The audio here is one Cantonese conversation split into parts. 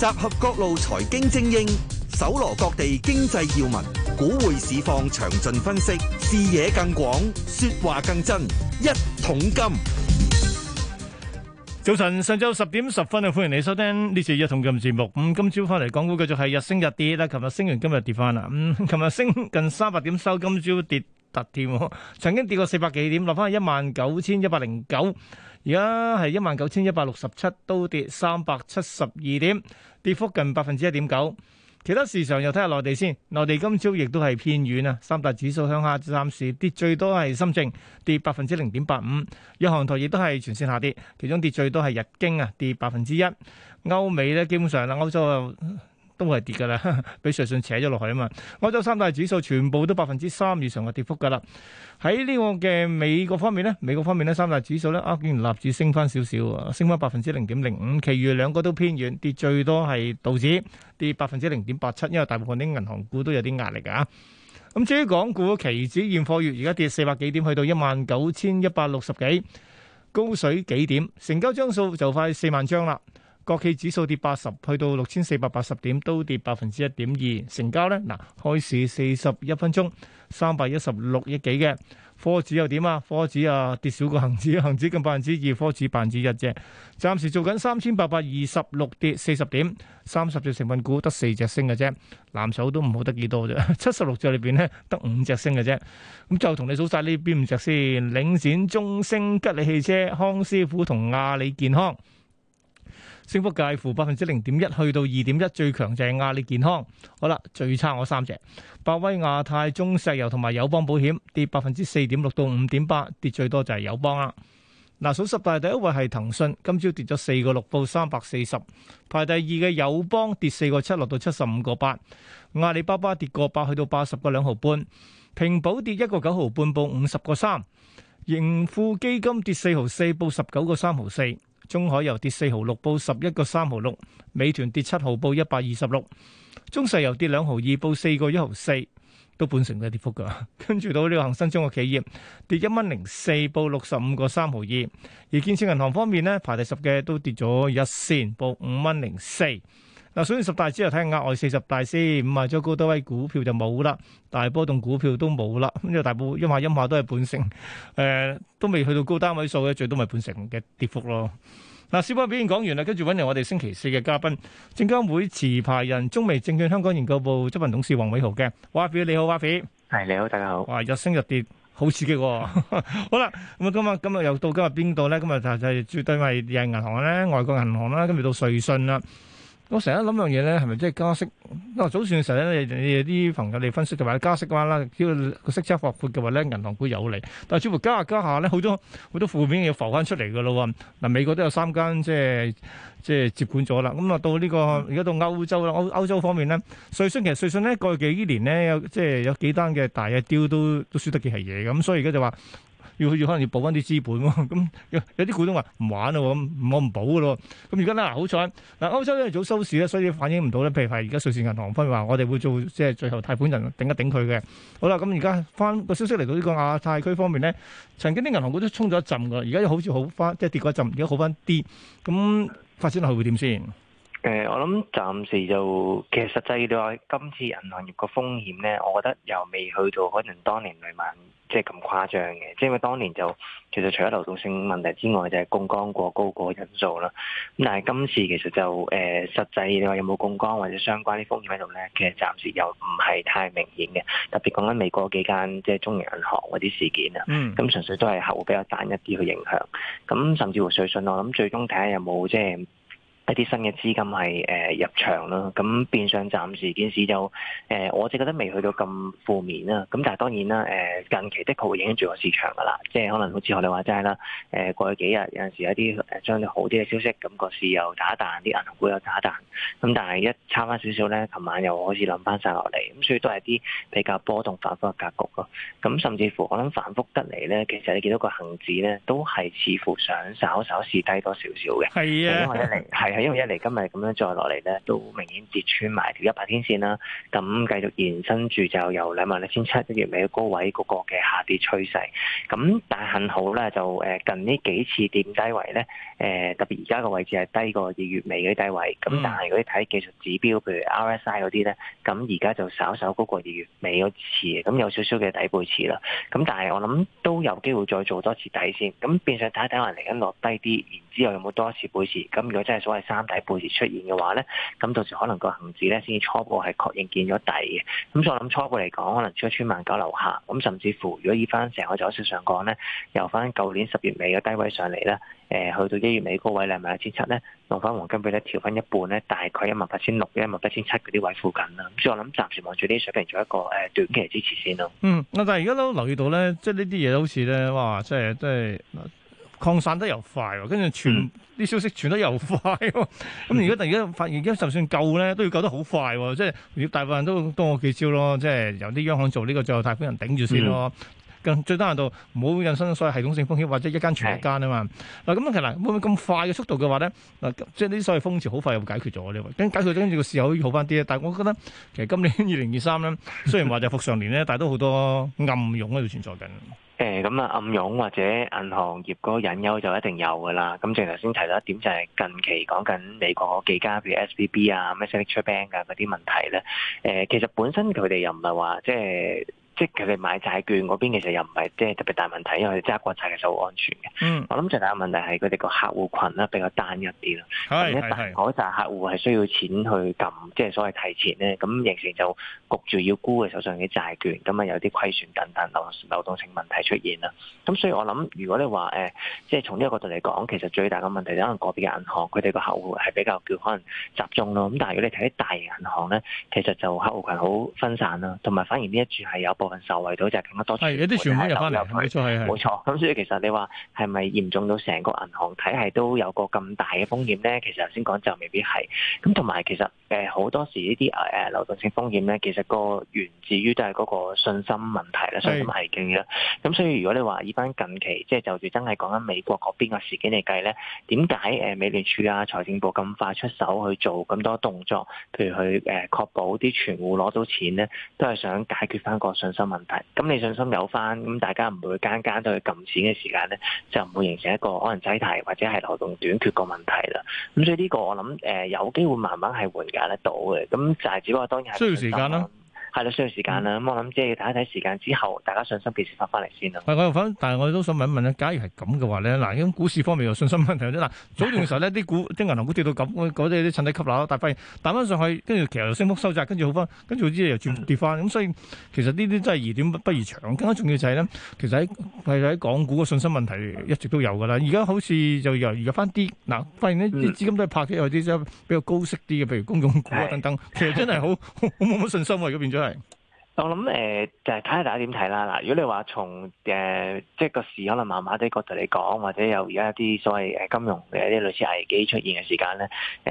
集合各路財經精英，搜羅各地經濟要聞，股匯市況詳盡分析，視野更廣，說話更真。一桶金。早晨，上晝十點十分啊，歡迎你收聽《呢次一桶金》節目。咁今朝翻嚟講港股繼續係日升日跌啦，琴日升完今日跌翻啦。咁琴日升近三百點收，今朝跌突跌，曾經跌過四百幾點，落翻去一萬九千一百零九。而家係一萬九千一百六十七，19，都跌三百七十二點，跌幅近百分之一點九。其他市場又睇下內地先，內地今朝亦都係偏軟啊。三大指數向下，暫時跌最多係深證跌百分之零點八五，日韓台亦都係全線下跌，其中跌最多係日經啊，跌百分之一。歐美咧基本上啦，歐洲。都係跌噶啦，俾 瑞信扯咗落去啊嘛！歐洲三大指數全部都百分之三以上嘅跌幅噶啦。喺呢個嘅美國方面呢，美國方面呢，三大指數呢，啊，竟然納指升翻少少，升翻百分之零點零五。其餘兩個都偏軟，跌最多係道指跌百分之零點八七，因為大部分啲銀行股都有啲壓力啊。咁至於港股期指現貨月，而家跌四百幾點，去到一萬九千一百六十幾，高水幾點？成交張數就快四萬張啦。國企指數跌八十，去到六千四百八十點，都跌百分之一點二。成交咧，嗱，開市四十一分鐘，三百一十六億幾嘅。科指又點啊？科指啊跌少個恒指，恒指近百分之二，科指百分之一啫，暫時做緊三千八百二十六跌四十點，三十隻成分股得四隻升嘅啫，藍籌都唔好得幾多啫，七十六裡面呢隻裏邊咧得五隻升嘅啫。咁就同你數晒呢邊五隻先，領展、中升、吉利汽車、康師傅同阿里健康。升幅介乎百分之零點一去到二點一，最強就係亞利健康。好啦，最差我三隻，百威亞太、中石油同埋友邦保險跌百分之四點六到五點八，跌最多就係友邦啦。嗱，數十大第一位係騰訊，今朝跌咗四個六到三百四十。排第二嘅友邦跌四個七六到七十五個八，阿里巴巴跌個八去到八十個兩毫半，平保跌一個九毫半報五十個三，盈富基金跌四毫四報十九個三毫四。中海油跌四毫六，報十一個三毫六；美團跌七毫，報一百二十六；中石油跌兩毫二，報四個一毫四，都半成嘅跌幅㗎。跟 住到呢個恒生中國企業跌一蚊零四，報六十五個三毫二；而建設銀行方面呢，排第十嘅都跌咗一仙，報五蚊零四。嗱，所以十大之後就睇下額外四十大先，五啊，將高多位股票就冇啦，大波動股票都冇啦，咁就大波陰下音下都係半成，誒、呃，都未去到高單位數嘅，最多咪半成嘅跌幅咯。嗱、啊，小波表現講完啦，跟住揾嚟我哋星期四嘅嘉賓，證監會持牌人中微證券香港研究部執行董事黃偉豪嘅。Wafi，你好，Wafi。係，你好，大家好。哇，日升日跌，好刺激喎、哦！ 好啦，咁啊，咁啊，又到今日邊度咧？今日就係絕對係銀行咧，外國銀行啦，跟住到瑞信啦。我成日諗樣嘢咧，係咪即係加息？因為早前嘅時候咧，你你啲朋友嚟分析就話加息嘅話啦，只要個息差擴闊嘅話咧，銀行股有利。但係最近加，一加一下加下咧，好多好多負面嘢浮翻出嚟嘅咯喎。嗱，美國都有三間即係即係接管咗啦。咁啊到呢個而家到歐洲啦，歐歐洲方面咧，瑞信其實瑞信咧過去幾年咧，有即係有幾單嘅大嘅雕都都輸得幾係嘢嘅。咁所以而家就話。要要可能要補翻啲資本喎，咁 有啲股東話唔玩啦，咁我唔補嘅咯。咁而家咧，好彩嗱歐洲咧早收市咧，所以反映唔到咧。譬如係而家瑞士銀行方面話，我哋會做即係最後貸款人頂一頂佢嘅。好啦，咁而家翻個消息嚟到呢個亞太區方面咧，曾經啲銀行股都衝咗一陣嘅，而家又好似好翻，即係跌過一陣，而家好翻啲。咁發展落去會點先？誒、呃，我諗暫時就，其實實際嚟話，今次銀行業個風險咧，我覺得又未去到可能當年雷曼即係咁誇張嘅，即係因為當年就其實除咗流動性問題之外，就係、是、槓桿過高個因素啦。咁但係今次其實就誒、呃，實際你話有冇槓桿或者相關啲風險喺度咧？其實暫時又唔係太明顯嘅，特別講緊美國幾間即係中型銀、銀行嗰啲事件啊，咁純、嗯、粹都係客戶比較單一啲嘅影響。咁甚至乎瑞信，我諗最終睇下有冇即係。一啲新嘅資金係誒入場啦，咁變相暫時件事就誒，我只覺得未去到咁負面啦。咁但係當然啦，誒近期的確會影響住個市場噶啦，即係可能好似我哋話齋啦，誒過去幾日有陣時有啲相對好啲嘅消息，咁個市又打彈，啲銀行股又打彈。咁但係一差翻少少咧，琴晚又開始諗翻晒落嚟，咁所以都係啲比較波動反覆嘅格局咯。咁甚至乎我諗反覆得嚟咧，其實你見到個恆指咧，都係似乎想稍稍試低多少少嘅，係啊，因 因為一嚟今日咁樣再落嚟咧，都明顯跌穿埋條一百天線啦。咁繼續延伸住就由兩萬六千七一月尾嘅高位嗰個嘅下跌趨勢。咁但係幸好咧，就誒近呢幾次跌低位咧，誒特別而家嘅位置係低過二月尾嘅低位。咁、嗯、但係如果睇技術指標，譬如 RSI 嗰啲咧，咁而家就稍稍高過二月尾嗰次，咁有少少嘅底背馳啦。咁但係我諗都有機會再做多次底線。咁變相睇一睇，下嚟緊落低啲。之後有冇多一次背馳？咁如果真係所謂三底背馳出現嘅話咧，咁到時可能個恆指咧先初步係確認見咗底嘅。咁所以我諗初步嚟講，可能穿一穿萬九樓下。咁甚至乎，如果以翻成個走勢上講咧，由翻舊年十月尾嘅低位上嚟咧，誒去到一月尾高位兩萬一千七咧，落翻黃金比咧，調翻一半咧，大概一萬八千六、一萬八千七嗰啲位附近啦。咁所以我諗暫時望住呢啲水平做一個誒短期支持先咯。嗯，我但係而家都留意到咧，即係呢啲嘢好似咧，哇！即係即係。擴散得又快喎，跟住傳啲消息傳得又快喎，咁而家突然間發現而家就算救咧，都要救得好快喎，即係大部份都多幾招咯，即係由啲央行做呢個最後貸款人頂住先咯。嗯更最低限度唔好引申所有系統性風險，或者一間傳一間啊嘛。嗱，咁問題嗱，會唔會咁快嘅速度嘅話咧？嗱，即係呢啲所謂風潮好快又解決咗嘅喎，跟解決咗，跟住個市又好翻啲咧。但係我覺得其實今年二零二三咧，雖然話就復上年咧，但係都好多暗湧喺度存在緊。誒，咁啊，暗湧或者銀行業嗰個隱憂就一定有噶啦。咁正如頭先提到一點，就係近期講緊美國嗰幾家，譬如 SVB 啊、什麼 The Chase Bank 啊嗰啲問題咧，誒，其實本身佢哋又唔係話即係。即係佢哋買債券嗰邊，其實又唔係即係特別大問題，因為揸國債其實好安全嘅。嗯，我諗最大問題係佢哋個客戶群咧比較單一啲咯。可能一大嗰紮客戶係需要錢去撳，即係所謂提前咧，咁仍然就焗住要沽佢手上嘅債券，咁啊有啲虧損等等流流動性問題出現啦。咁所以我諗，如果你話誒、呃，即係從呢個角度嚟講，其實最大嘅問題可能係個別嘅銀行佢哋個客戶係比較叫可能集中咯。咁但係如果你睇啲大型銀行咧，其實就客戶群好分散咯，同埋反而呢一處係有部。受惠到就係、是、更多存款流入去，冇錯冇錯。咁所以其實你話係咪嚴重到成個銀行體系都有個咁大嘅風險咧？其實頭先講就未必係。咁同埋其實誒好、呃、多時呢啲誒誒流動性風險咧，其實、那個源自於都係嗰個信心問題啦，信心係勁嘅。咁所以如果你話以返近期即係就住、是、真係講緊美國嗰邊嘅事件嚟計咧，點解誒美聯儲啊財政部咁快出手去做咁多動作，譬如去誒、呃、確保啲存戶攞到錢咧，都係想解決翻個信心。嘅問題，咁你信心有翻，咁大家唔會間間都去撳錢嘅時間咧，就唔會形成一個可能擠提或者係流動短缺個問題啦。咁所以呢個我諗誒、呃、有機會慢慢係緩解得到嘅，咁就係、是、只不過當然係需要時間啦。係啦，需要時間啦。咁、嗯、我諗即係要睇一睇時間之後，大家信心幾時發翻嚟先啦。唔係、嗯，我又翻，但係我都想問一問咧。假如係咁嘅話咧，嗱，咁、嗯、股市方面有信心問題咧，嗱，早段嘅時候呢啲 股，啲銀行股跌到咁，嗰啲啲趁低吸但發現彈翻上去，跟住其實又升幅收窄，跟住好翻，跟住之後又轉跌翻。咁、嗯、所以其實呢啲真係疑點不不疑長。更加重要就係咧，其實喺港股嘅信心問題一直都有㗎啦。而家好似就又而家翻啲，嗱，發現呢啲、嗯、資金都係拍啲有啲比較高息啲嘅，譬如公用股啊等等，其實真係好好冇乜信心喎，咗、啊。對我諗誒、呃，就係睇下大家點睇啦。嗱、呃，如果你話從誒、呃，即係個市可能麻麻地角度嚟講，或者有而家一啲所謂誒金融嘅一啲類似危機出現嘅時間咧，誒、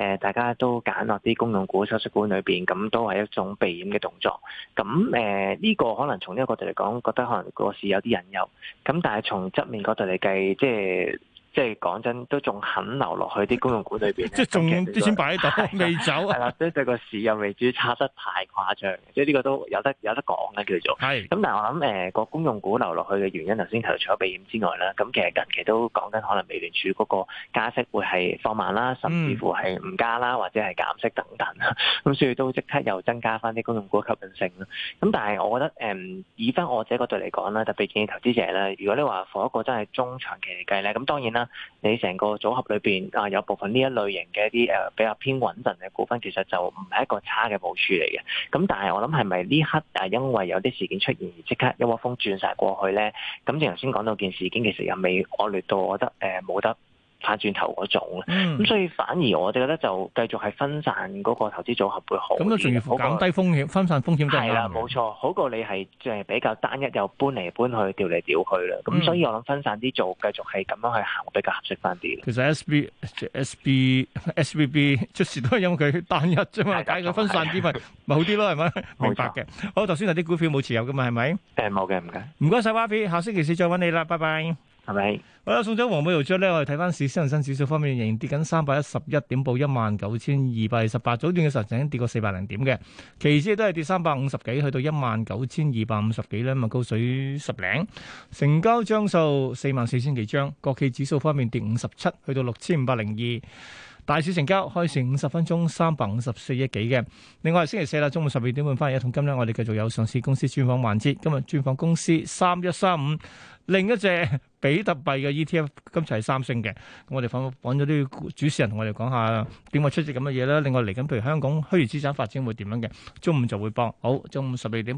呃，大家都揀落啲公用股、收息股裏邊，咁都係一種避險嘅動作。咁、嗯、誒，呢、呃這個可能從呢個角度嚟講，覺得可能個市有啲隱憂。咁但係從側面角度嚟計，即係。即係講真，都仲肯留落去啲公用股裏邊，即係仲啲錢擺喺度，未走。係啦、嗯，即係對個市又未至於差得太誇張，即係呢個都有得有得講嘅叫做。係咁是，但係我諗誒個公用股流落去嘅原因，頭先提除咗避險之外啦。咁其實近期都講緊可能美聯儲嗰個加息會係放慢啦，甚至乎係唔加啦，或者係減息等等啦，咁、啊、所以都即刻又增加翻啲公用股嘅吸引性。啦。咁但係我覺得誒、嗯、以翻我自己個角度嚟講啦，特別建議投資者咧，如果你話放一個真係中長期嚟計咧，咁當然啦。你成個組合裏邊啊，有部分呢一類型嘅一啲誒、呃、比較偏穩陣嘅股份，其實就唔係一個差嘅部署嚟嘅。咁、嗯、但係我諗係咪呢刻啊，因為有啲事件出現而即刻一窩蜂轉晒過去咧？咁、嗯、正如頭先講到件事件，其實又未惡劣到，我覺得誒冇、呃、得。翻轉頭嗰種，咁所以反而我哋覺得就繼續係分散嗰個投資組合會好。咁都仲要減低風險、分散風險都係。係啦，冇錯，好過你係即係比較單一又搬嚟搬去、調嚟調去啦。咁所以我諗分散啲做，繼續係咁樣去行比較合適翻啲。其實 S B、S B、S B B 出事都係因為佢單一啫嘛，解決分散啲咪咪好啲咯，係咪？明白嘅。好，頭先有啲股票冇持有噶嘛，係咪？誒，冇嘅，唔該。唔該晒，Wafi，下星期四再揾你啦，拜拜。係咪？嗯、好啦吧，送走黃寶瑤將呢，我哋睇翻市，市，恒生指數方面仍然跌緊三百一十一點，報一萬九千二百二十八。早段嘅時候曾經跌過四百零點嘅，其次都係跌三百五十幾，去到一萬九千二百五十幾咧，咁啊高水十零。成交張數四萬四千幾張。國企指數方面跌五十七，去到六千五百零二。大市成交開成五十分鐘三百五十四億幾嘅。另外星期四啦，中午十二點半翻嚟，一桶金咧，我哋繼續有上市公司專訪環節。今日專訪公司三一三五，另一隻比特幣嘅 ETF，今次係三星嘅。咁我哋揾揾咗啲主持人同我哋講下點話出啲咁嘅嘢啦。另外嚟緊，譬如香港虛擬資產發展會點樣嘅？中午就會播。好，中午十二點半。